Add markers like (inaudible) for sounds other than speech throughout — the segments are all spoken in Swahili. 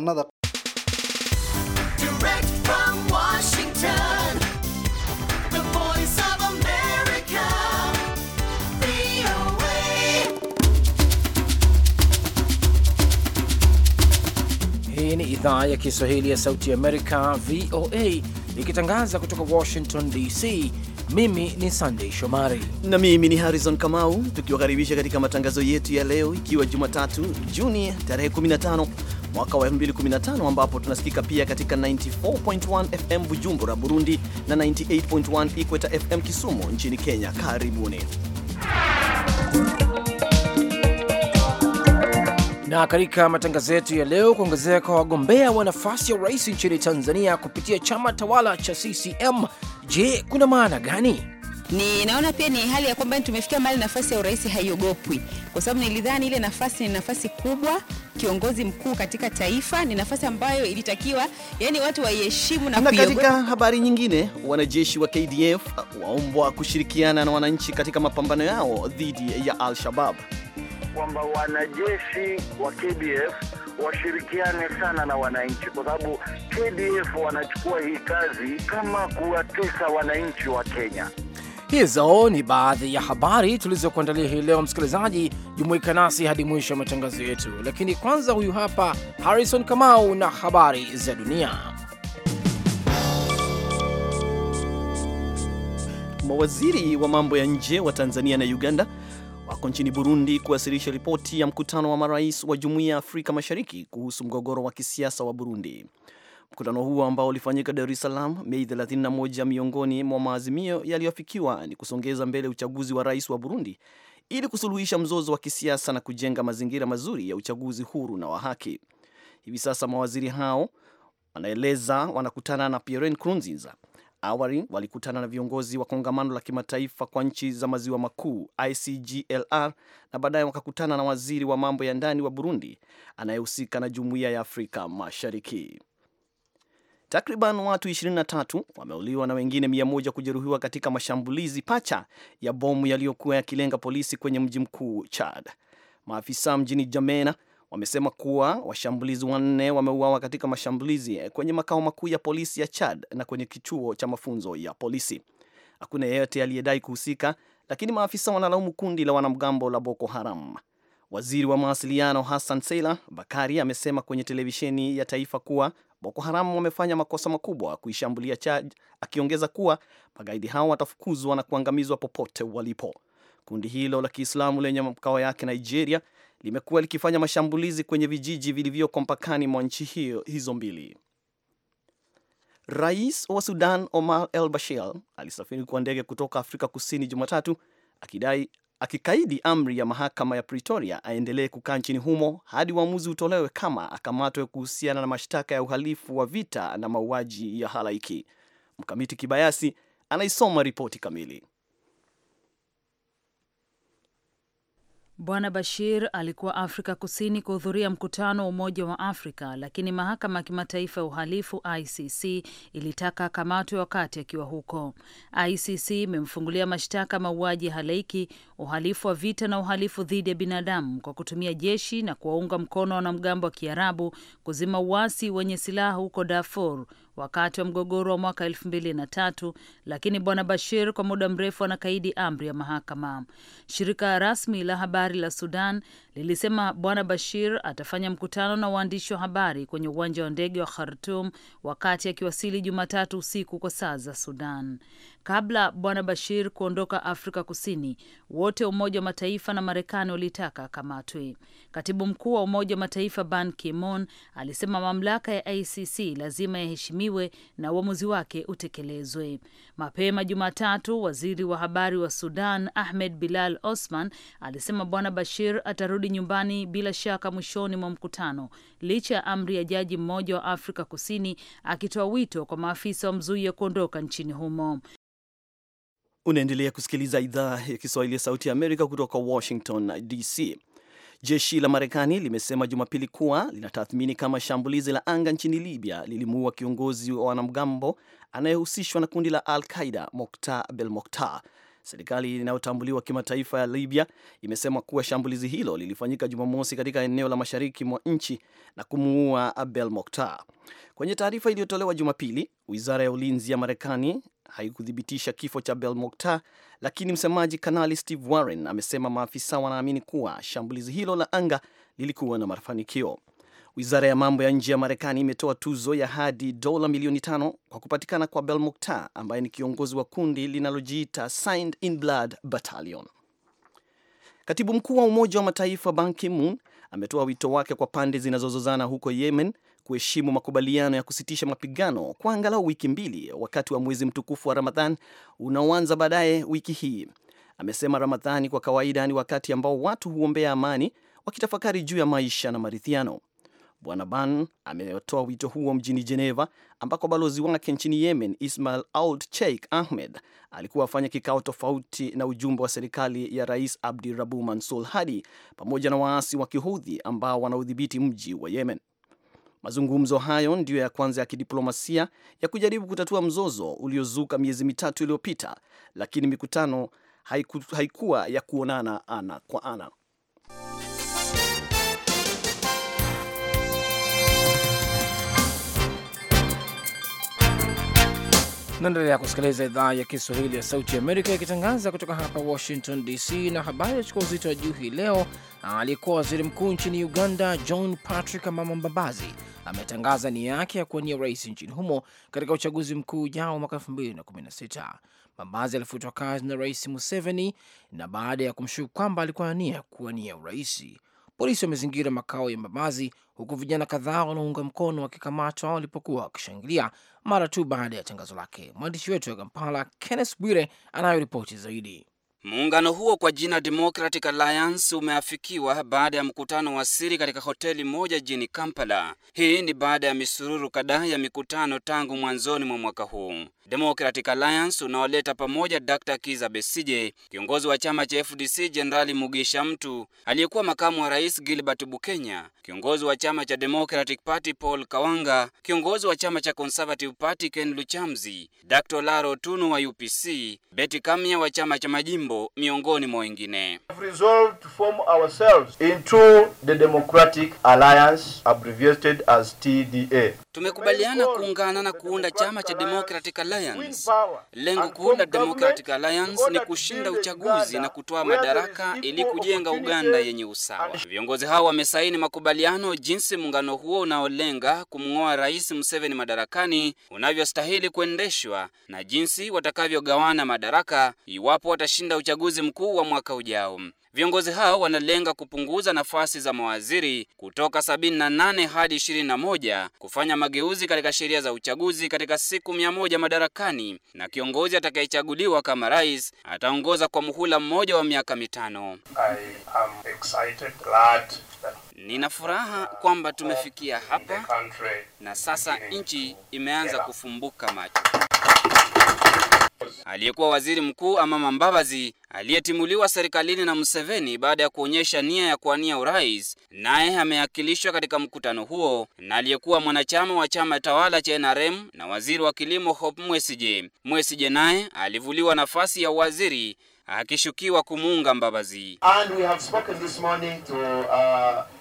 Hii ni idhaa ya Kiswahili ya Sauti Amerika, VOA, ikitangaza kutoka Washington DC. Mimi ni sandey Shomari na mimi ni Harrison Kamau, tukiwakaribisha katika matangazo yetu ya leo, ikiwa Jumatatu Juni tarehe 15 mwaka wa 2015 ambapo tunasikika pia katika 94.1 FM Bujumbura, Burundi na 98.1 Ikweta FM Kisumu nchini Kenya. Karibuni na katika matangazo yetu ya leo, kuongezeka kwa wagombea wa nafasi ya urais nchini Tanzania kupitia chama tawala cha CCM. Je, kuna maana gani? Ni naona pia ni hali ya kwamba tumefikia mahali nafasi ya urais haiogopwi, kwa sababu nilidhani ile nafasi ni nafasi kubwa kiongozi mkuu katika taifa. Ni nafasi ambayo ilitakiwa yani watu waiheshimu na, na katika habari nyingine, wanajeshi wa KDF waombwa kushirikiana na wananchi katika mapambano yao dhidi ya Al-Shabab, kwamba wanajeshi wa KDF washirikiane sana na wananchi kwa sababu KDF wanachukua hii kazi kama kuwatesa wananchi wa Kenya. Hizo ni baadhi ya habari tulizokuandalia hii leo. Msikilizaji, jumuika nasi hadi mwisho ya matangazo yetu, lakini kwanza, huyu hapa Harrison Kamau na habari za dunia. Mawaziri wa mambo ya nje wa Tanzania na Uganda wako nchini Burundi kuwasilisha ripoti ya mkutano wa marais wa Jumuiya ya Afrika Mashariki kuhusu mgogoro wa kisiasa wa Burundi. Mkutano huo ambao ulifanyika Dar es Salaam Mei 31, miongoni mwa maazimio yaliyoafikiwa ni kusongeza mbele uchaguzi wa rais wa Burundi ili kusuluhisha mzozo wa kisiasa na kujenga mazingira mazuri ya uchaguzi huru na wa haki. Hivi sasa mawaziri hao wanaeleza wanakutana na Pierre Nkurunziza. Awali walikutana na viongozi wa kongamano la kimataifa kwa nchi za maziwa makuu ICGLR na baadaye wakakutana na waziri wa mambo ya ndani wa Burundi anayehusika na jumuiya ya Afrika Mashariki. Takriban watu 23 wameuliwa na wengine 100 kujeruhiwa katika mashambulizi pacha ya bomu yaliyokuwa yakilenga polisi kwenye mji mkuu Chad. Maafisa mjini Jamena wamesema kuwa washambulizi wanne wameuawa katika mashambulizi kwenye makao makuu ya polisi ya Chad na kwenye kituo cha mafunzo ya polisi. Hakuna yeyote aliyedai kuhusika, lakini maafisa wanalaumu kundi la wanamgambo la Boko Haram. Waziri wa mawasiliano Hassan Seila Bakari amesema kwenye televisheni ya taifa kuwa Boko Haram wamefanya makosa makubwa kuishambulia Chad, akiongeza kuwa magaidi hao watafukuzwa na kuangamizwa popote walipo. Kundi hilo la Kiislamu lenye makao yake Nigeria limekuwa likifanya mashambulizi kwenye vijiji vilivyoko mpakani mwa nchi hiyo hizo mbili. Rais wa Sudan Omar El Bashir alisafiri kwa ndege kutoka Afrika Kusini Jumatatu akidai akikaidi amri ya mahakama ya Pretoria aendelee kukaa nchini humo hadi uamuzi utolewe kama akamatwe kuhusiana na mashtaka ya uhalifu wa vita na mauaji ya halaiki. Mkamiti Kibayasi anaisoma ripoti kamili. Bwana Bashir alikuwa Afrika Kusini kuhudhuria mkutano wa Umoja wa Afrika, lakini mahakama ya kimataifa ya uhalifu ICC ilitaka akamatwe wakati akiwa huko. ICC imemfungulia mashtaka mauaji ya halaiki, uhalifu wa vita na uhalifu dhidi ya binadamu kwa kutumia jeshi na kuwaunga mkono wanamgambo wa Kiarabu kuzima uasi wenye silaha huko Darfur wakati wa mgogoro wa mwaka elfu mbili na tatu, lakini bwana Bashir kwa muda mrefu anakaidi amri ya mahakama. Shirika rasmi la habari la Sudan lilisema Bwana Bashir atafanya mkutano na waandishi wa habari kwenye uwanja wa ndege wa Khartum wakati akiwasili Jumatatu usiku kwa saa za Sudan. Kabla Bwana Bashir kuondoka Afrika Kusini, wote wa Umoja wa Mataifa na Marekani walitaka akamatwe. Katibu mkuu wa Umoja wa Mataifa Ban Kimon alisema mamlaka ya ICC lazima yaheshimiwe na uamuzi wake utekelezwe. Mapema Jumatatu, waziri wa habari wa Sudan Ahmed Bilal Osman alisema Bwana Bashir atarudi kurudi nyumbani bila shaka mwishoni mwa mkutano, licha ya amri ya jaji mmoja wa Afrika Kusini akitoa wito kwa maafisa wa mzuia kuondoka nchini humo. Unaendelea kusikiliza idhaa ya Kiswahili ya Sauti ya Amerika kutoka Washington DC. Jeshi la Marekani limesema Jumapili kuwa linatathmini kama shambulizi la anga nchini Libya lilimuua kiongozi wa wanamgambo anayehusishwa na kundi la Al Qaida, Moktar Belmokta. Serikali inayotambuliwa kimataifa ya Libya imesema kuwa shambulizi hilo lilifanyika Jumamosi katika eneo la mashariki mwa nchi na kumuua Abel Moktar. Kwenye taarifa iliyotolewa Jumapili, wizara ya ulinzi ya Marekani haikuthibitisha kifo cha bel Moktar, lakini msemaji Kanali Steve Warren amesema maafisa wanaamini kuwa shambulizi hilo la anga lilikuwa na mafanikio. Wizara ya mambo ya nje ya Marekani imetoa tuzo ya hadi dola milioni tano kwa kupatikana kwa Bel Moktar ambaye ni kiongozi wa kundi linalojiita Signed in Blood Battalion. Katibu mkuu wa Umoja wa Mataifa Ban Ki-moon ametoa wito wake kwa pande zinazozozana huko Yemen kuheshimu makubaliano ya kusitisha mapigano kwa angalau wiki mbili wakati wa mwezi mtukufu wa Ramadhan unaoanza baadaye wiki hii. Amesema Ramadhani kwa kawaida ni wakati ambao watu huombea amani, wakitafakari juu ya maisha na maridhiano. Bwana Ban ametoa wito huo mjini Geneva, ambako balozi wake nchini Yemen Ismail aut Cheikh Ahmed alikuwa afanya kikao tofauti na ujumbe wa serikali ya Rais Abdi Rabu Mansur Hadi pamoja na waasi wa Kihudhi ambao wanaudhibiti mji wa Yemen. Mazungumzo hayo ndiyo ya kwanza ya kidiplomasia ya kujaribu kutatua mzozo uliozuka miezi mitatu iliyopita, lakini mikutano haiku, haikuwa ya kuonana ana kwa ana. Naendelea kusikiliza idhaa ya Kiswahili ya Sauti Amerika ikitangaza kutoka hapa Washington DC. Na habari yachukua uzito wa juu hii leo, aliyekuwa waziri mkuu nchini Uganda John Patrick Amama Mbabazi ametangaza nia yake ya kuwania urais nchini humo katika uchaguzi mkuu ujao mwaka 216 Mbabazi alifutwa kazi na Rais Museveni na baada ya kumshuku kwamba alikuwa na nia kuwania urais. Polisi wamezingira makao ya Mbabazi huku vijana kadhaa wanaunga mkono wakikamatwa walipokuwa wakishangilia mara tu baada ya tangazo lake. Mwandishi wetu wa Kampala, Kenneth Bwire, anayo ripoti zaidi. Muungano huo kwa jina Democratic Alliance umeafikiwa baada ya mkutano wa siri katika hoteli moja jini Kampala. Hii ni baada ya misururu kadhaa ya mikutano tangu mwanzoni mwa mwaka huu. Democratic Alliance unaoleta pamoja Dr. Kiza Besije, kiongozi wa chama cha FDC Jenerali Mugisha Mtu, aliyekuwa makamu wa rais Gilbert Bukenya, kiongozi wa chama cha Democratic Party Paul Kawanga, kiongozi wa chama cha Conservative Party Ken Luchamzi, Dr. Laro Tunu wa UPC, Betty Kamya wa chama cha Majimbo miongoni mwa wengine. Into the Democratic Alliance abbreviated as TDA. Tumekubaliana kuungana na kuunda chama cha Democratic Alliance. Lengo kuu la Democratic Alliance ni kushinda uchaguzi na kutoa madaraka ili kujenga Uganda yenye usawa. Viongozi hao wamesaini makubaliano jinsi muungano huo unaolenga kumng'oa Rais Museveni madarakani unavyostahili kuendeshwa na jinsi watakavyogawana madaraka iwapo watashinda uchaguzi mkuu wa mwaka ujao. Viongozi hao wanalenga kupunguza nafasi za mawaziri kutoka 78 hadi 21, kufanya mageuzi katika sheria za uchaguzi katika siku mia moja madarakani, na kiongozi atakayechaguliwa kama rais ataongoza kwa muhula mmoja wa miaka mitano. Nina furaha kwamba tumefikia hapa na sasa nchi imeanza kufumbuka macho. Aliyekuwa waziri mkuu Amama Mbabazi aliyetimuliwa serikalini na Museveni baada ya kuonyesha nia ya kuwania urais, naye ameakilishwa katika mkutano huo na aliyekuwa mwanachama wa chama tawala cha NRM na waziri wa kilimo Hope Mwesije. Mwesije naye alivuliwa nafasi ya uwaziri akishukiwa kumuunga Mbabazi. And we have spoken this morning to, uh...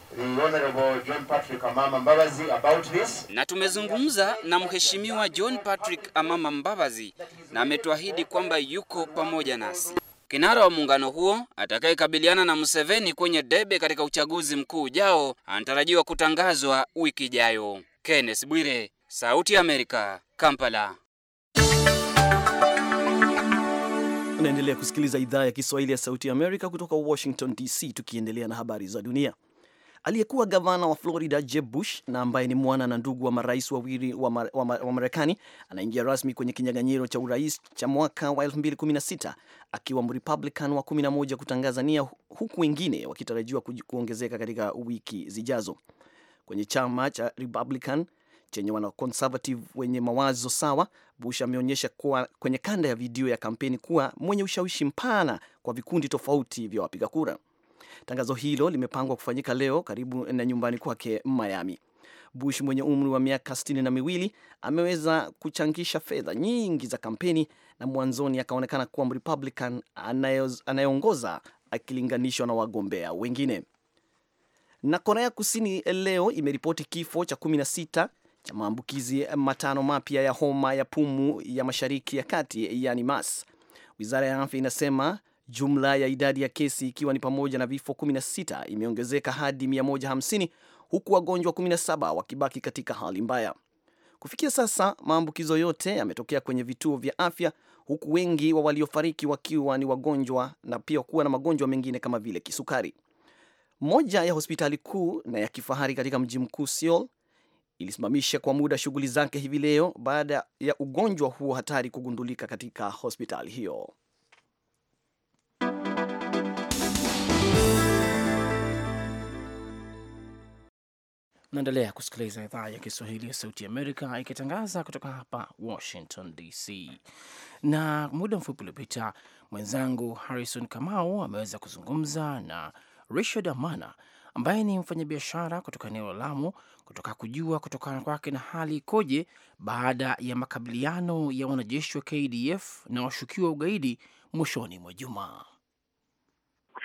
Na tumezungumza na Mheshimiwa John Patrick Amama Mbabazi na ametuahidi kwamba yuko pamoja nasi. Kinara wa muungano huo atakayekabiliana na Museveni kwenye debe katika uchaguzi mkuu ujao anatarajiwa kutangazwa wiki ijayo. Kenneth Bwire, Sauti ya Amerika, Kampala. Unaendelea kusikiliza idhaa ya Kiswahili ya Sauti ya Amerika kutoka Washington DC, tukiendelea na habari za dunia. Aliyekuwa gavana wa Florida Jeb Bush na ambaye ni mwana na ndugu wa marais wawili wa, wa, ma, wa Marekani anaingia rasmi kwenye kinyang'anyiro cha urais cha mwaka wa 2016 akiwa Mrepublican wa 11 kutangaza nia, huku wengine wakitarajiwa kuongezeka katika wiki zijazo. Kwenye chama cha Republican chenye wanaconservative wenye mawazo sawa, Bush ameonyesha kuwa kwenye kanda ya video ya kampeni kuwa mwenye ushawishi mpana kwa vikundi tofauti vya wapiga kura. Tangazo hilo limepangwa kufanyika leo karibu na nyumbani kwake Miami. Bush mwenye umri wa miaka sitini na miwili ameweza kuchangisha fedha nyingi za kampeni na mwanzoni akaonekana kuwa Republican anayeongoza akilinganishwa na wagombea wengine. Na Korea Kusini leo imeripoti kifo cha 16 cha maambukizi matano mapya ya homa ya pumu ya mashariki ya kati, yani MAS. Wizara ya afya inasema Jumla ya idadi ya kesi ikiwa ni pamoja na vifo 16 imeongezeka hadi 150 huku wagonjwa 17 wakibaki katika hali mbaya. Kufikia sasa maambukizo yote yametokea kwenye vituo vya afya huku wengi wa waliofariki wakiwa ni wagonjwa na pia kuwa na magonjwa mengine kama vile kisukari. Moja ya hospitali kuu na ya kifahari katika mji mkuu Seoul ilisimamisha kwa muda shughuli zake hivi leo baada ya ugonjwa huo hatari kugundulika katika hospitali hiyo. Naendelea kusikiliza idhaa ya Kiswahili ya Sauti Amerika ikitangaza kutoka hapa Washington DC. Na muda mfupi uliopita mwenzangu Harrison Kamau ameweza kuzungumza na Richard Amana ambaye ni mfanyabiashara kutoka eneo la Lamu, kutoka kujua kutokana kwake na hali ikoje baada ya makabiliano ya wanajeshi wa KDF na washukiwa ugaidi mwishoni mwa jumaa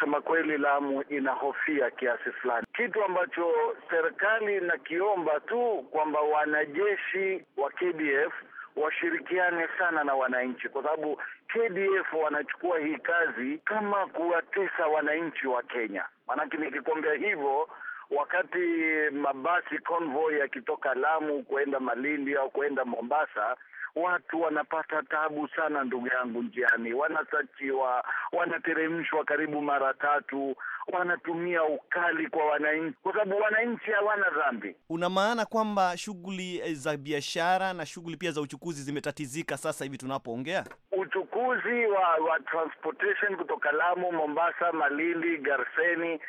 kusema kweli, Lamu inahofia kiasi fulani, kitu ambacho serikali inakiomba tu kwamba wanajeshi wa KDF washirikiane sana na wananchi, kwa sababu KDF wanachukua hii kazi kama kuwatesa wananchi wa Kenya. Maanake nikikwambia hivyo, wakati mabasi convoy yakitoka Lamu kuenda Malindi au kuenda Mombasa watu wanapata tabu sana, ndugu yangu, njiani wanasachiwa, wanateremshwa karibu mara tatu, wanatumia ukali kwa wananchi, kwa sababu wananchi hawana dhambi. Una maana kwamba shughuli eh, za biashara na shughuli pia za uchukuzi zimetatizika sasa hivi tunapoongea? Uchukuzi wa, wa transportation kutoka Lamu, Mombasa, Malindi, Garseni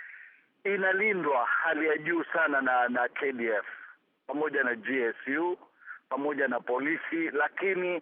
inalindwa hali ya juu sana na na KDF pamoja na GSU pamoja na polisi, lakini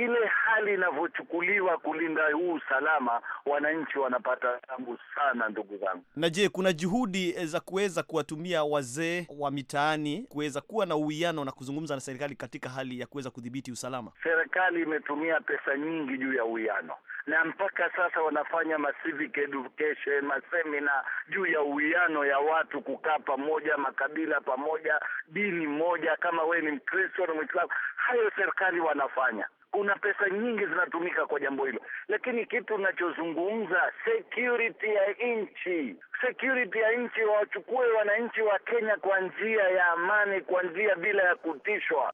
ile hali inavyochukuliwa kulinda huu usalama, wananchi wanapata tabu sana, ndugu zangu. Na je, kuna juhudi eh, za kuweza kuwatumia wazee wa mitaani kuweza kuwa na uwiano na kuzungumza na serikali katika hali ya kuweza kudhibiti usalama? Serikali imetumia pesa nyingi juu ya uwiano na mpaka sasa wanafanya civic education masemina juu ya uwiano ya watu kukaa pamoja, makabila pamoja, dini moja, kama wewe ni Mkristo na Mwislamu. Hayo serikali wanafanya kuna pesa nyingi zinatumika kwa jambo hilo, lakini kitu unachozungumza security ya nchi, security ya nchi, wachukue wananchi wa Kenya kwa njia ya amani, kwa njia bila ya kutishwa.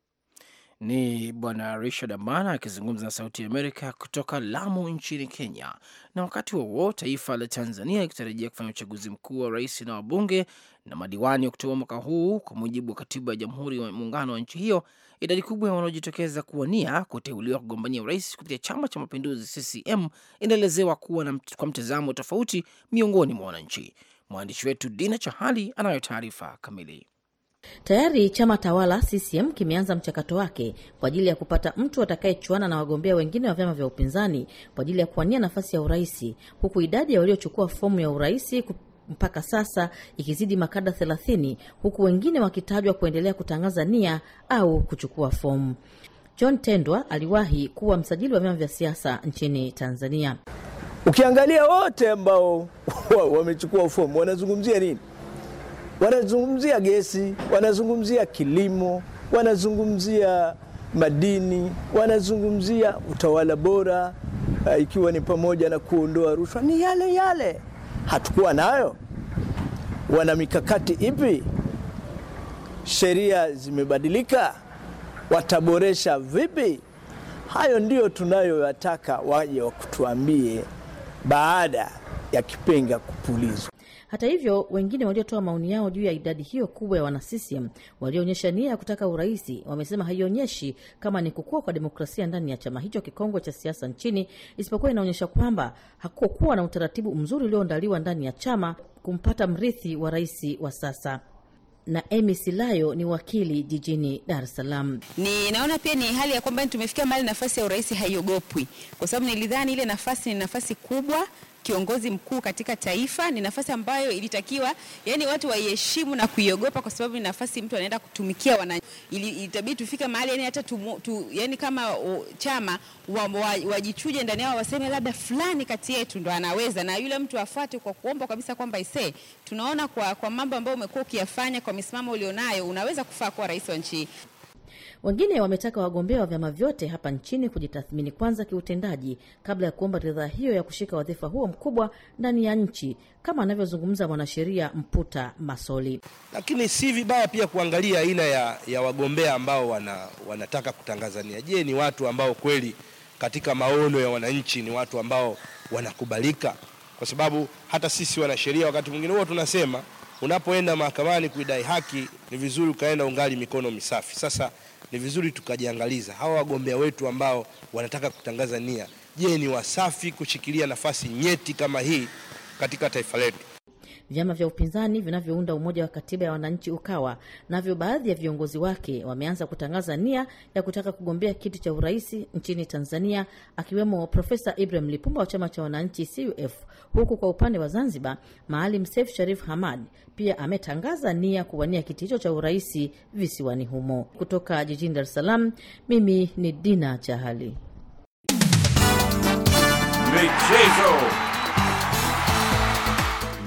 Ni Bwana Richard Amana akizungumza na Sauti ya Amerika kutoka Lamu nchini Kenya. Na wakati huo taifa la Tanzania ikitarajia kufanya uchaguzi mkuu wa rais na wabunge na madiwani Oktoba mwaka huu, kwa mujibu wa katiba ya Jamhuri ya Muungano wa nchi hiyo. Idadi kubwa ya wanaojitokeza kuwania kuteuliwa kugombania urais kupitia Chama cha Mapinduzi CCM inaelezewa kuwa na kwa mtazamo tofauti miongoni mwa wananchi. Mwandishi wetu Dina Chahali anayo taarifa kamili. Tayari chama tawala CCM kimeanza mchakato wake kwa ajili ya kupata mtu atakayechuana na wagombea wengine wa vyama vya upinzani kwa ajili ya kuwania nafasi ya urahisi huku idadi ya waliochukua fomu ya urahisi mpaka sasa ikizidi makada 30 huku wengine wakitajwa kuendelea kutangaza nia au kuchukua fomu. John Tendwa aliwahi kuwa msajili wa vyama vya siasa nchini Tanzania. Ukiangalia wote ambao (laughs) wamechukua fomu wanazungumzia nini? Wanazungumzia gesi, wanazungumzia kilimo, wanazungumzia madini, wanazungumzia utawala bora, eh, ikiwa ni pamoja na kuondoa rushwa. Ni yale yale hatukuwa nayo? Wana mikakati ipi? Sheria zimebadilika, wataboresha vipi? Hayo ndiyo tunayoyataka waje wakutuambie baada ya kipenga kupulizwa. Hata hivyo, wengine waliotoa maoni yao juu ya idadi hiyo kubwa ya wana CCM walioonyesha nia ya kutaka urais wamesema haionyeshi kama ni kukua kwa demokrasia ndani ya chama hicho kikongwe cha siasa nchini, isipokuwa inaonyesha kwamba hakukuwa na utaratibu mzuri ulioandaliwa ndani ya chama kumpata mrithi wa rais wa sasa na Emi Silayo ni wakili jijini Dar es Salaam. Ninaona pia ni hali ya kwamba tumefikia mahali nafasi ya urais haiogopwi, kwa sababu nilidhani ile nafasi ni nafasi kubwa kiongozi mkuu katika taifa. Ni nafasi ambayo ilitakiwa yani watu waiheshimu na kuiogopa, kwa sababu ni nafasi mtu anaenda kutumikia wananchi. Itabidi tufike mahali yani hata tu, tu, yani kama o, chama wajichuje wa, wa ndani yao waseme labda fulani kati yetu ndo anaweza, na yule mtu afuate kwa kuomba kabisa kwamba ise, tunaona kwa, kwa mambo ambayo umekuwa ukiyafanya, kwa misimamo ulionayo unaweza kufaa kuwa rais wa nchi. Wengine wametaka wagombea wa vyama vyote hapa nchini kujitathmini kwanza kiutendaji kabla ya kuomba ridhaa hiyo ya kushika wadhifa huo mkubwa ndani ya nchi, kama anavyozungumza mwanasheria Mputa Masoli. Lakini si vibaya pia kuangalia aina ya, ya wagombea ambao wana, wanataka kutangazania. Je, ni watu ambao kweli katika maono ya wananchi ni watu ambao wanakubalika? Kwa sababu hata sisi wanasheria wakati mwingine huwa tunasema unapoenda mahakamani kuidai haki ni vizuri ukaenda ungali mikono misafi. Sasa ni vizuri tukajiangaliza hawa wagombea wetu ambao wanataka kutangaza nia, je, ni wasafi kushikilia nafasi nyeti kama hii katika taifa letu? Vyama vya upinzani vinavyounda Umoja wa Katiba ya Wananchi Ukawa navyo baadhi ya viongozi wake wameanza kutangaza nia ya kutaka kugombea kiti cha urais nchini Tanzania, akiwemo Profesa Ibrahim Lipumba wa chama cha wananchi CUF, huku kwa upande wa Zanzibar Maalim sef Sharif Hamad pia ametangaza nia kuwania kiti hicho cha urais visiwani humo. Kutoka jijini dares salam Salaam, mimi ni Dina Chahali. Michezo.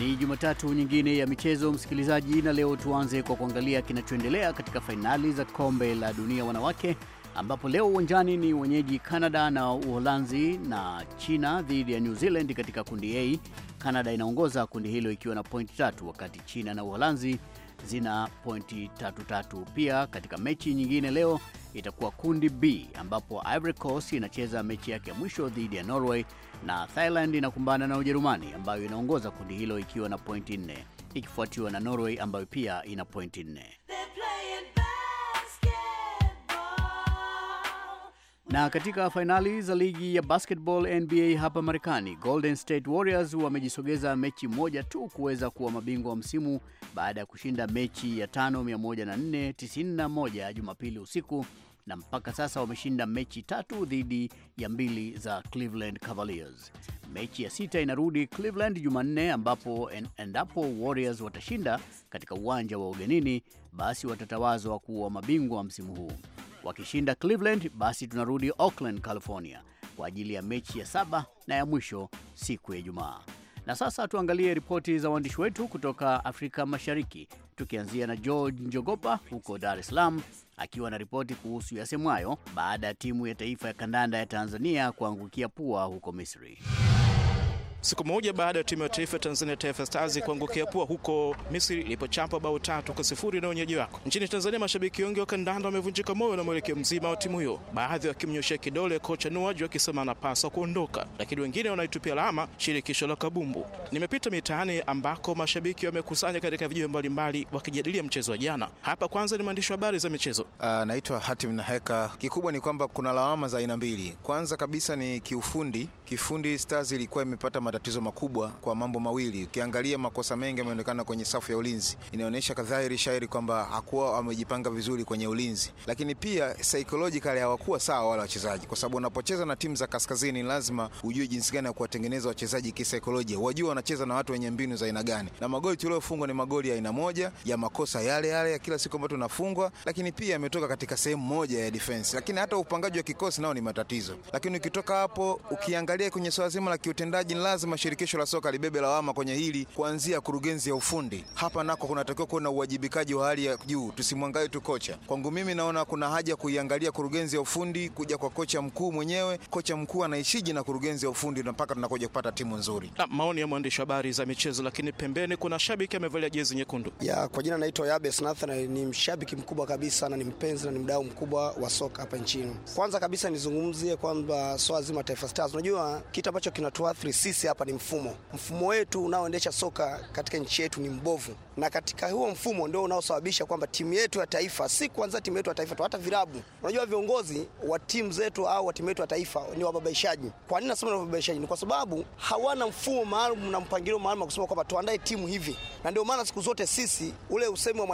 Ni Jumatatu nyingine ya michezo, msikilizaji, na leo tuanze kwa kuangalia kinachoendelea katika fainali za kombe la dunia wanawake, ambapo leo uwanjani ni wenyeji Canada na Uholanzi na China dhidi ya New Zealand katika kundi A. Canada inaongoza kundi hilo ikiwa na pointi tatu, wakati China na Uholanzi zina pointi tatu tatu. Pia katika mechi nyingine leo itakuwa kundi B ambapo Ivory Coast inacheza mechi yake ya mwisho dhidi ya Norway na Thailand inakumbana na Ujerumani ambayo inaongoza kundi hilo ikiwa na pointi nne ikifuatiwa na Norway ambayo pia ina pointi nne. Na katika fainali za ligi ya basketball NBA hapa Marekani, Golden State Warriors wamejisogeza mechi moja tu kuweza kuwa mabingwa wa msimu baada ya kushinda mechi ya tano 104 91 Jumapili usiku na mpaka sasa wameshinda mechi tatu dhidi ya mbili za Cleveland Cavaliers. Mechi ya sita inarudi Cleveland Jumanne, ambapo endapo Warriors watashinda katika uwanja wa ugenini, basi watatawazwa kuwa mabingwa wa msimu huu. Wakishinda Cleveland, basi tunarudi Oakland, California kwa ajili ya mechi ya saba na ya mwisho siku ya Ijumaa. Na sasa tuangalie ripoti za waandishi wetu kutoka Afrika Mashariki, tukianzia na George Njogopa huko Dar es Salaam akiwa na ripoti kuhusu yasemwayo baada ya timu ya taifa ya kandanda ya Tanzania kuangukia pua huko Misri. Siku moja baada ya timu ya taifa Tanzania Taifa Stars kuangukia pua huko Misri ilipochapa bao tatu kwa sifuri na wenyeji wako nchini Tanzania, mashabiki wengi wa kandanda wamevunjika moyo na mwelekeo mzima wa timu hiyo, baadhi wakimnyoshea kidole kocha Nuaju wakisema anapaswa kuondoka, lakini wengine wanaitupia lawama shirikisho la kabumbu. Nimepita mitaani ambako mashabiki wamekusanya katika vijiji mbalimbali wakijadilia mchezo wa jana. Hapa kwanza ni mwandishi wa habari za michezo ah, naitwa Hatim Naheka. Kikubwa ni kwamba kuna lawama za aina mbili. Kwanza kabisa ni kiufundi, kifundi Stars ilikuwa imepata matatizo makubwa kwa mambo mawili. Ukiangalia makosa mengi yameonekana kwenye safu ya ulinzi, inaonyesha kadhairi shairi kwamba hakuwa wamejipanga vizuri kwenye ulinzi, lakini pia psychological hawakuwa sawa wale wachezaji, kwa sababu unapocheza na timu za kaskazini, lazima ujue jinsi gani ya kuwatengeneza wachezaji kisaikolojia, wajua wanacheza na watu wenye mbinu za aina gani, na magoli tuliofungwa ni magoli ya aina moja ya makosa yale yale ya kila siku ambayo tunafungwa, lakini pia yametoka katika sehemu moja ya defense. Lakini hata upangaji wa kikosi nao ni matatizo, lakini ukitoka hapo ukiangalia kwenye swala zima la kiutendaji, lazima lazima shirikisho la soka libebe lawama kwenye hili, kuanzia kurugenzi ya ufundi. Hapa nako kunatakiwa kuwa na uwajibikaji wa hali ya juu, tusimwangalie tu kocha. Kwangu mimi naona kuna haja kuiangalia kurugenzi ya ufundi, kuja kwa kocha mkuu mwenyewe. Kocha mkuu anaishiji na kurugenzi ya ufundi na mpaka tunakuja kupata timu nzuri. Na maoni ya mwandishi habari za michezo, lakini pembeni kuna shabiki amevalia jezi nyekundu. Ya kwa jina naitwa Yabes Nathan, ni mshabiki mkubwa kabisa na ni mpenzi na ni mdau mkubwa wa soka hapa nchini. Kwanza kabisa nizungumzie kwamba swala zima Taifa Stars, unajua kitu ambacho kinatuathiri sisi hapa ni mfumo. Mfumo wetu unaoendesha soka katika nchi yetu ni mbovu na katika huo mfumo ndio unaosababisha kwamba timu yetu ya taifa si kwanza timu yetu ya taifa tu, hata vilabu. Unajua, viongozi wa timu zetu au wa timu yetu ya taifa ni wababaishaji. Kwa nini nasema ni wababaishaji? Ni kwa sababu hawana mfumo maalum na mpangilio maalum wa kusema kwamba tuandae timu hivi, na ndio maana siku zote sisi ule usemi wa,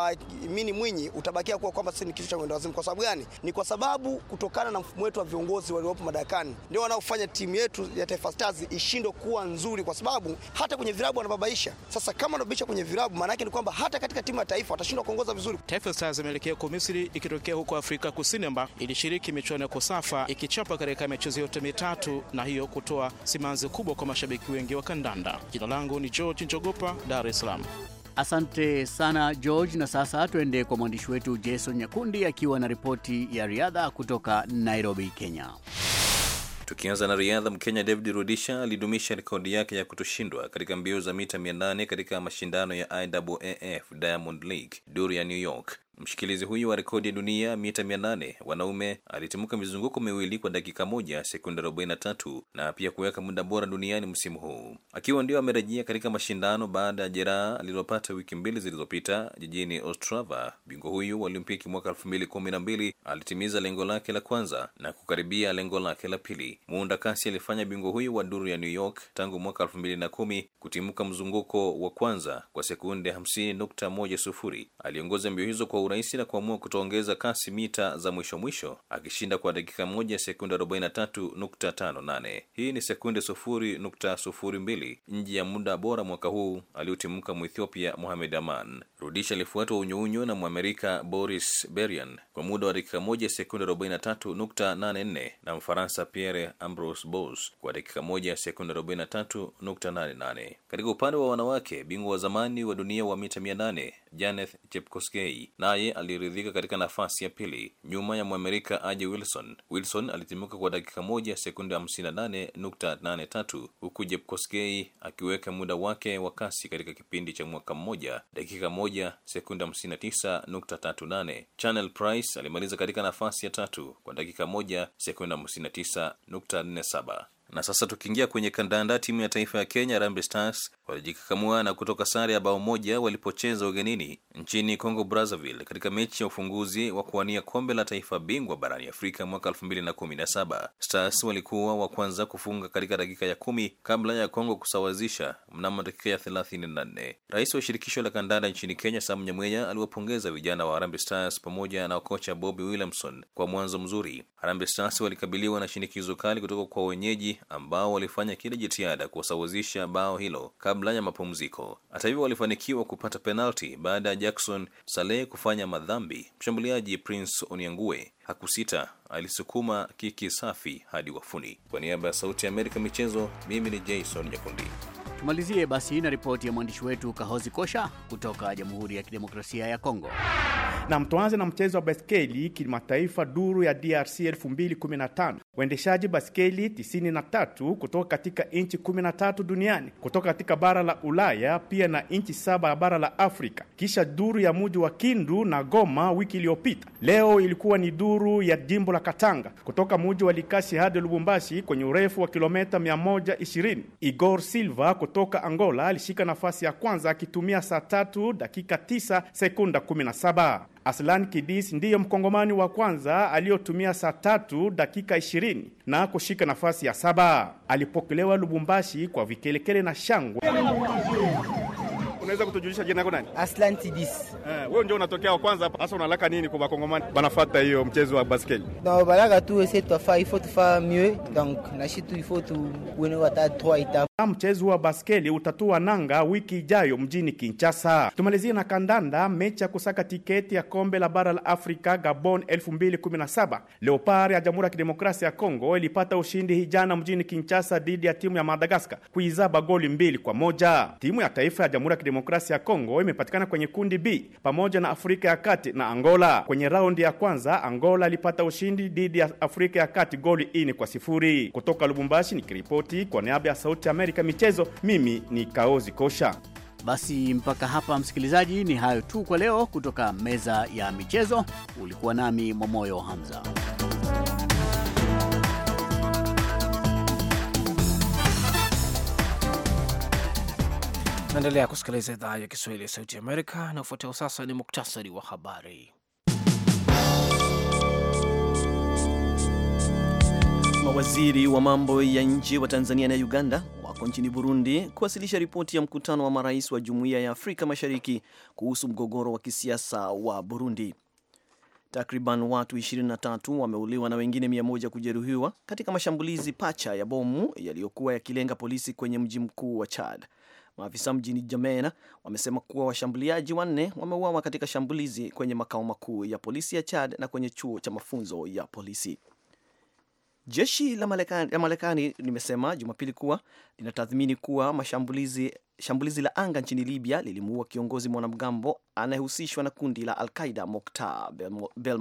wa Mini Mwinyi utabakia kuwa kwamba sisi ni kitu cha mwendo wazimu. Kwa sababu gani? Ni kwa sababu kutokana na mfumo wetu wa viongozi waliopo madarakani ndio wanaofanya timu yetu ya Taifa Stars ishindwe kuwa nzuri, kwa sababu hata kwenye vilabu wanababaisha. Sasa kama wanababaisha kwenye vilabu sababu maana yake ni kwamba hata katika timu ya taifa watashindwa kuongoza vizuri. Taifa Stars imeelekea huko Misri ikitokea huko Afrika Kusini ambapo ilishiriki michuano ya Kosafa ikichapa katika michezo yote mitatu na hiyo kutoa simanzi kubwa kwa mashabiki wengi wa kandanda. Jina langu ni George Njogopa, Dar es Salaam. Asante sana George, na sasa tuende kwa mwandishi wetu Jason Nyakundi akiwa na ripoti ya riadha kutoka Nairobi, Kenya. Tukianza na riadha, Mkenya David Rudisha alidumisha rekodi yake ya kutoshindwa katika mbio za mita 800 katika mashindano ya IAAF Diamond League duru ya New York. Mshikilizi huyu wa rekodi ya dunia mita 800 wanaume alitimuka mizunguko miwili kwa dakika moja sekunde 43 na pia kuweka muda bora duniani msimu huu, akiwa ndio amerejea katika mashindano baada ya jeraha alilopata wiki mbili zilizopita jijini Ostrava. Bingwa huyu wa Olimpiki mwaka 2012 alitimiza lengo lake la kwanza na kukaribia lengo lake la pili. Muunda kasi alifanya bingwa huyu wa duru ya New York tangu mwaka 2010 kutimuka mzunguko wa kwanza kwa sekunde 50.10. Aliongoza mbio hizo kwa urahisi na kuamua kutoongeza kasi mita za mwisho mwisho, akishinda kwa dakika moja sekunde 43.58. Hii ni sekunde 0.02 nje ya muda bora mwaka huu aliotimka muethiopia Mohamed Aman. Rudisha alifuatwa unyuunyu na Mwamerika Boris Berian kwa muda wa dakika moja sekunde 43.84 na Mfaransa Pierre Ambros Bos kwa dakika moja sekunde 43.88. Katika upande wa wanawake, bingwa wa zamani wa dunia wa mita 8 Janeth Chepkosgei na ambaye aliridhika katika nafasi ya pili nyuma ya Mwamerika aji Wilson. Wilson alitimuka kwa dakika moja sekunde 58.83 huku jepkosgei akiweka muda wake wa kasi katika kipindi cha mwaka mmoja dakika moja sekunde 59.38. Channel Price alimaliza katika nafasi ya tatu kwa dakika moja sekunde 59.47. Na sasa tukiingia kwenye kandanda, timu ya taifa ya Kenya Harambee Stars walijikakamua na kutoka sare ya bao moja walipocheza ugenini nchini Congo Brazzaville katika mechi ya ufunguzi wa kuwania kombe la taifa bingwa barani Afrika mwaka 2017. Stars walikuwa wa kwanza kufunga katika dakika ya kumi kabla ya Congo kusawazisha mnamo dakika ya 34. Rais wa shirikisho la kandanda nchini Kenya Sam Nyamweya aliwapongeza vijana wa Harambee Stars pamoja na kocha Bobby Williamson kwa mwanzo mzuri. Harambee Stars walikabiliwa na shinikizo kali kutoka kwa wenyeji ambao walifanya kila jitihada kusawazisha bao hilo kabla ya mapumziko. Hata hivyo, walifanikiwa kupata penalti baada ya Jackson Saleh kufanya madhambi. Mshambuliaji Prince oniangue hakusita, alisukuma kiki safi hadi wafuni. Kwa niaba ya Sauti ya Amerika michezo, mimi ni Jason Nyakundi. Tumalizie basi na ripoti ya mwandishi wetu Kahozi Kosha kutoka Jamhuri ya Kidemokrasia ya Kongo. Nam, tuanze na mchezo wa baskeli kimataifa duru ya DRC 2015. Waendeshaji baskeli 93 kutoka katika nchi 13 duniani kutoka katika bara la Ulaya pia na nchi saba ya bara la Afrika, kisha duru ya muji wa Kindu na Goma wiki iliyopita. Leo ilikuwa ni duru ya jimbo la Katanga kutoka muji wa Likasi hadi Lubumbashi kwenye urefu wa kilometa 120. Igor Silva kutoka Angola alishika nafasi ya kwanza akitumia saa tatu dakika tisa sekunda kumi na saba. Aslan Kidis ndiye mkongomani wa kwanza aliyotumia saa tatu dakika ishirini na kushika nafasi ya saba. Alipokelewa Lubumbashi kwa vikelekele na shangwe. Unaweza kutujulisha jina lako nani? Aslan Tidis. Eh, wewe ndio unatokea wa kwanza hapa. Sasa unalaka nini kwa Kongomani? Banafuata hiyo mchezo wa basketball. Na balaka tu ese tu fa il faut tu fa mieux donc na shitu il faut tu wene ta 3 étapes mchezo wa baskeli utatua nanga wiki ijayo mjini Kinshasa. tumalizia na kandanda, mechi ya kusaka tiketi ya kombe la bara la Afrika Gabon 2017 Leopard ya Jamhuri ya Kidemokrasia ya Kongo ilipata ushindi hijana mjini Kinshasa dhidi ya timu ya Madagaskar kuizaba goli mbili kwa moja. Timu ya taifa ya Jamhuri ya Kidemokrasia ya Kongo imepatikana kwenye kundi B pamoja na Afrika ya Kati na Angola. Kwenye raundi ya kwanza, Angola ilipata ushindi dhidi ya Afrika ya Kati goli ini kwa sifuri. Kutoka Lubumbashi nikiripoti kwa niaba ya Sauti ya Amerika katika michezo. Mimi ni Kaozi Kosha. Basi mpaka hapa msikilizaji, ni hayo tu kwa leo kutoka meza ya michezo. Ulikuwa nami Momoyo Hamza. Naendelea kusikiliza idhaa ya Kiswahili ya Sauti Amerika na ufuatao sasa ni muktasari wa habari. Mawaziri wa mambo ya nje wa Tanzania na Uganda huko nchini Burundi kuwasilisha ripoti ya mkutano wa marais wa Jumuiya ya Afrika Mashariki kuhusu mgogoro wa kisiasa wa Burundi. Takriban watu 23 wameuliwa na wengine 100 kujeruhiwa katika mashambulizi pacha ya bomu yaliyokuwa yakilenga polisi kwenye mji mkuu wa Chad. Maafisa mjini Jamena wamesema kuwa washambuliaji wanne wameuawa katika shambulizi kwenye makao makuu ya polisi ya Chad na kwenye chuo cha mafunzo ya polisi. Jeshi la Marekani, la Marekani limesema Jumapili kuwa linatathmini kuwa mashambulizi shambulizi la anga nchini Libya lilimuua kiongozi mwanamgambo anayehusishwa na kundi la alqaida qaida Moktar Bel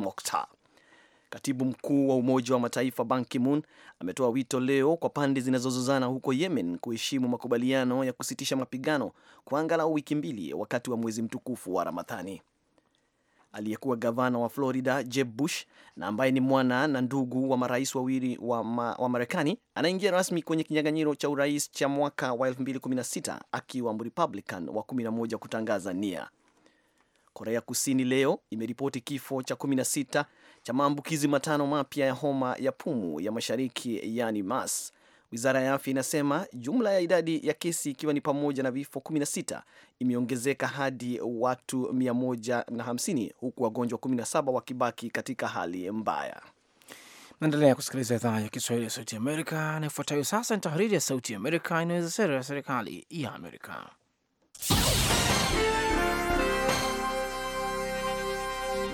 Katibu mkuu wa Umoja wa Mataifa Ban Ki-moon ametoa wito leo kwa pande zinazozozana huko Yemen kuheshimu makubaliano ya kusitisha mapigano kwa angalau wiki mbili wakati wa mwezi mtukufu wa Ramadhani aliyekuwa gavana wa Florida Jeb Bush na ambaye ni mwana na ndugu wa marais wawili wa, ma, wa Marekani anaingia rasmi kwenye kinyang'anyiro cha urais cha mwaka wa 2016 akiwa Mrepublican wa 11 kutangaza nia. Korea Kusini leo imeripoti kifo cha 16 cha maambukizi matano mapya ya homa ya pumu ya mashariki yani MERS Wizara ya afya inasema jumla ya idadi ya kesi ikiwa ni pamoja na vifo 16 imeongezeka hadi watu 150 huku wagonjwa 17 wakibaki katika hali mbaya. Naendelea kusikiliza idhaa ya Kiswahili ya Sauti Amerika, na ifuatayo sasa ni tahariri ya Sauti Amerika inaweza sera ya serikali ya Amerika.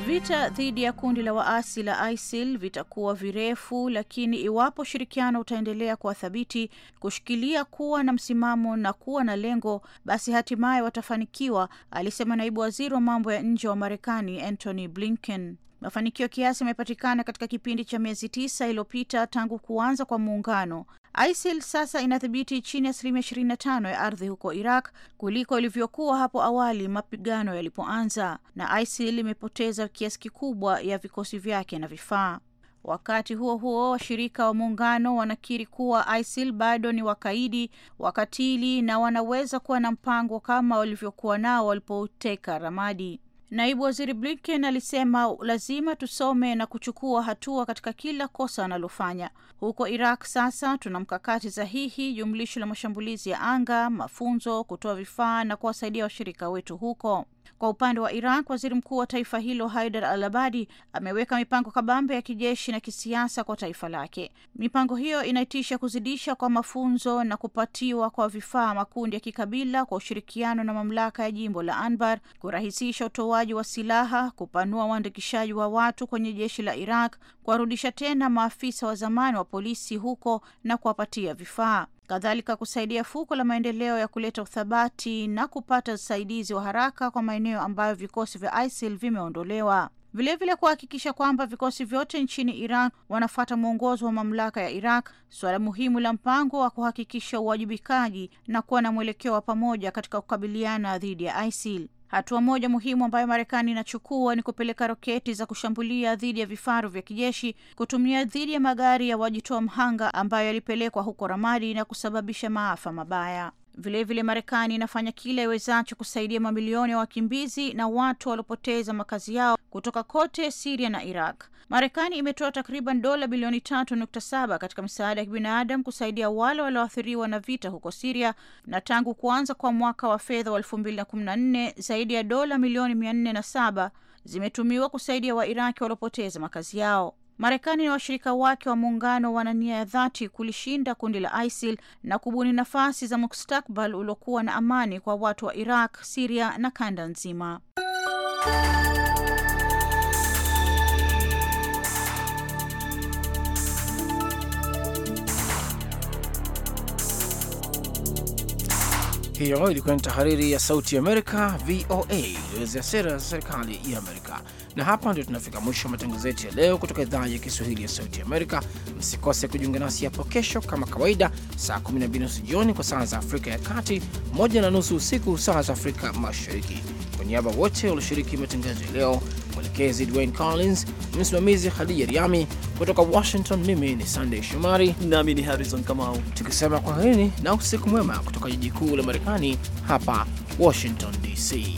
Vita dhidi ya kundi la waasi la ISIL vitakuwa virefu, lakini iwapo ushirikiano utaendelea kuwa thabiti, kushikilia kuwa na msimamo na kuwa na lengo, basi hatimaye watafanikiwa, alisema naibu waziri wa mambo ya nje wa Marekani Antony Blinken. Mafanikio kiasi yamepatikana katika kipindi cha miezi tisa iliyopita tangu kuanza kwa muungano, ISIL sasa inadhibiti chini ya asilimia tano ya ardhi huko Iraq kuliko ilivyokuwa hapo awali mapigano yalipoanza, na ISIL imepoteza kiasi kikubwa ya vikosi vyake na vifaa. Wakati huo huo, washirika wa muungano wanakiri kuwa ISIL bado ni wakaidi, wakatili na wanaweza kuwa na mpango kama walivyokuwa nao walipoteka Ramadi. Naibu Waziri Blinken alisema lazima tusome na kuchukua hatua katika kila kosa analofanya. Huko Iraq sasa tuna mkakati sahihi jumlisho la mashambulizi ya anga, mafunzo, kutoa vifaa na kuwasaidia washirika wetu huko. Kwa upande wa Iraq, waziri mkuu wa taifa hilo Haidar al Abadi ameweka mipango kabambe ya kijeshi na kisiasa kwa taifa lake. Mipango hiyo inaitisha kuzidisha kwa mafunzo na kupatiwa kwa vifaa makundi ya kikabila kwa ushirikiano na mamlaka ya jimbo la Anbar, kurahisisha utoaji wa silaha, kupanua uandikishaji wa watu kwenye jeshi la Iraq, kuwarudisha tena maafisa wa zamani wa polisi huko na kuwapatia vifaa kadhalika kusaidia fuko la maendeleo ya kuleta uthabati na kupata usaidizi wa haraka kwa maeneo ambayo vikosi vya ISIL vimeondolewa, vilevile kuhakikisha kwamba vikosi vyote nchini Iraq wanafuata mwongozo wa mamlaka ya Iraq, suala muhimu la mpango wa kuhakikisha uwajibikaji na kuwa na mwelekeo wa pamoja katika kukabiliana dhidi ya ISIL. Hatua moja muhimu ambayo Marekani inachukua ni kupeleka roketi za kushambulia dhidi ya vifaru vya kijeshi kutumia dhidi ya magari ya wajitoa mhanga ambayo yalipelekwa huko Ramadi na kusababisha maafa mabaya. Vilevile, Marekani inafanya kila iwezacho kusaidia mamilioni ya wakimbizi na watu waliopoteza makazi yao kutoka kote Siria na Iraq. Marekani imetoa takriban dola bilioni tatu nukta saba katika msaada ya kibinadamu kusaidia wale walioathiriwa na vita huko Siria, na tangu kuanza kwa mwaka wa fedha wa elfu mbili na kumi na nne zaidi ya dola milioni mia nne na saba zimetumiwa kusaidia Wairaki waliopoteza makazi yao. Marekani na washirika wake wa muungano wana nia ya dhati kulishinda kundi la ISIL na kubuni nafasi za mustakbal uliokuwa na amani kwa watu wa Iraq, Siria na kanda nzima. Hiyo ilikuwa ni tahariri ya Sauti ya Amerika, VOA, iliyoelezea sera za serikali ya Amerika. Na hapa ndio tunafika mwisho wa matangazo yetu ya leo kutoka idhaa ya Kiswahili ya Sauti Amerika. Msikose kujiunga nasi hapo kesho kama kawaida, saa 12 jioni kwa saa za Afrika ya Kati, moja na nusu usiku saa za Afrika Mashariki. Kwa niaba wote walioshiriki matangazo ya leo, mwelekezi Dwayne Collins, msimamizi Khadija Riami kutoka Washington, mimi ni Sandey Shomari nami ni Harrison Kamau, tukisema kwaherini na usiku mwema kutoka jiji kuu la Marekani, hapa Washington DC.